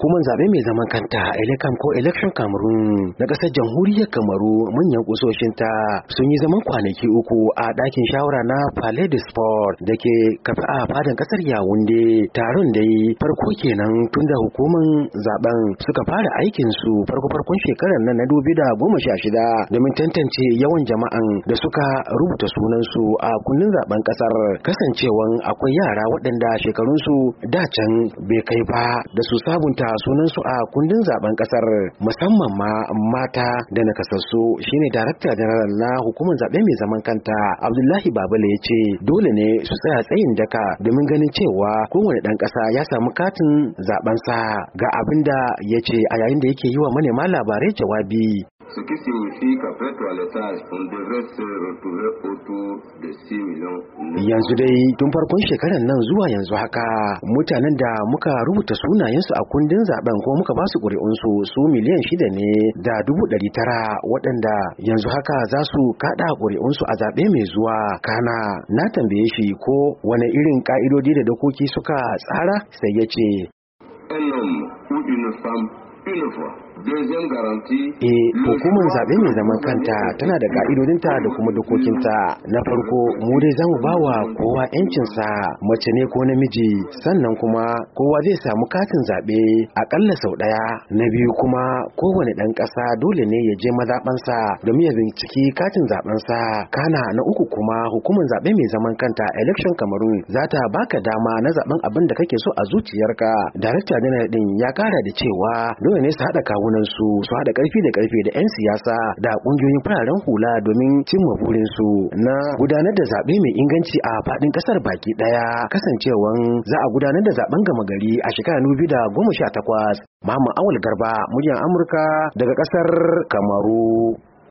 hukumar zaɓe mai zaman kanta elecam ko election cameroon na kasar jamhuriyar kamaru manyan kusoshin ta sun yi zaman kwanaki uku a dakin shawara na palais de sport da ke kafa a fadin kasar yawunde taron dai farko kenan tun da hukumar zaben suka fara aikin su farko farkon shekarar nan na dubi da goma sha shida domin tantance yawan jama'an da suka rubuta sunan su a kundin zaben ƙasar, kasancewan akwai yara waɗanda shekarunsu da can bai kai ba da su sabunta sunansu a kundin zaben kasar musamman ma mata da nakasassu shine darakta general na hukumar zaɓe mai zaman kanta abdullahi babale ya ce dole ne su tsaya tsayin daka domin ganin cewa kowane ɗan ƙasa ya samu katin sa ga abinda ya ce a yayin da yake yi wa manema labarai jawabi ce qui signifie qu'après toilettage, on devrait se retrouver autour de 6 millions. Yanzu dai tun farkon shekaran nan zuwa yanzu haka mutanen da muka rubuta sunayensu a kundin zaben ko muka basu ƙuri'unsu su miliyan shida ne da dubu ɗari tara waɗanda yanzu haka za su kaɗa ƙuri'unsu a zaɓe mai zuwa kana na tambaye shi ko wane irin ƙa'idodi da dokoki suka tsara sai ya ce. Une femme, une eh hukumar zaɓe mai zaman kanta tana da ƙa'idodinta da kuma dokokinta na farko mu dai zamu ba wa kowa yancinsa mace ne ko namiji sannan kuma kowa zai samu katin zaɓe akalla sau ɗaya na biyu kuma kowane ɗan ƙasa dole ne ya je mazaɓansa domin ya binciki katin zaɓensa kana na uku kuma hukumar zaɓe mai zaman kanta election cameroon za ta baka dama na zaɓen abin da kake so a zuciyarka darakta janar ɗin ya ƙara da cewa dole ne su haɗa kawo kawunan su su haɗa ƙarfi da ƙarfe da 'yan siyasa da ƙungiyoyin fararen hula domin cimma burin su na gudanar da zaɓe mai inganci a faɗin ƙasar baki ɗaya kasancewan za a gudanar da zaɓen gama gari a shekarar takwas, Muhammad Awul Garba, muryar Amurka daga ƙasar Kamaru.